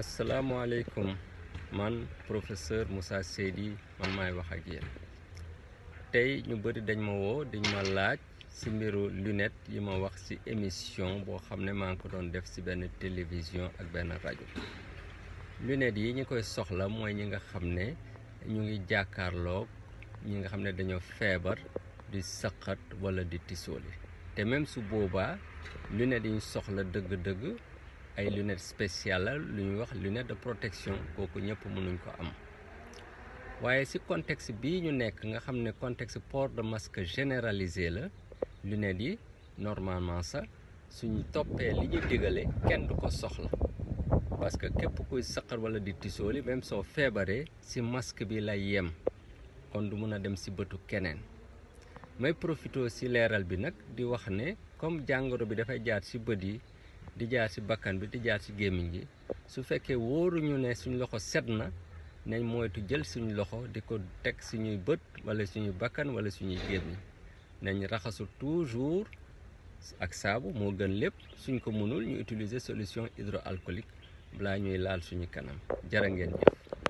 asalaamaaleykum man professeur Moussa Seydi man maay wax ak yéen tey ñu bëri dañ ma woo dañ ma laaj ci mbiru lunette yi ma wax ci émission boo xam ne maa ngi ko doon def ci benn télévision ak benn rajo lunette yi ñi koy soxla mooy ñi nga xam ne ñu ngi jàkkaarloog ñi nga xam ne dañoo feebar di sëqat walla di tisooli te même su boobaa lunette yi ñu soxla dëgg-dëgg ay lunettes spéciales la lu ñuy wax lunette de protection kooku ñëpp mënuñ ko am waaye ci contexte bii ñu nekk nga xam ne contexte port de masque généralisé la lunettes yi normalement sax suñu toppee li ñu digale kenn du ko soxla parce que képp kuy saqar walla di tisooli même soo feebaree ci masque bi lay yem kon du mën a dem ci bëtu keneen may profité ci leeral bi nag di wax ne comme jàngoro bi dafay jaar ci bët yi di jaar ci bàkkan bi di jaar ci gémmiñ gi su fekkee wóoruñu ne suñ loxo set na nañ moytu jël suñu loxo di ko teg suñuy bët wala suñuy bakkan wala suñuy gémmiñ nañ raxasu toujours ak saabu moo gën lépp suñ ko mënul ñu utiliser solution hydroalcoolique balaa ñuy laal suñu kanam jërë ngeen jëf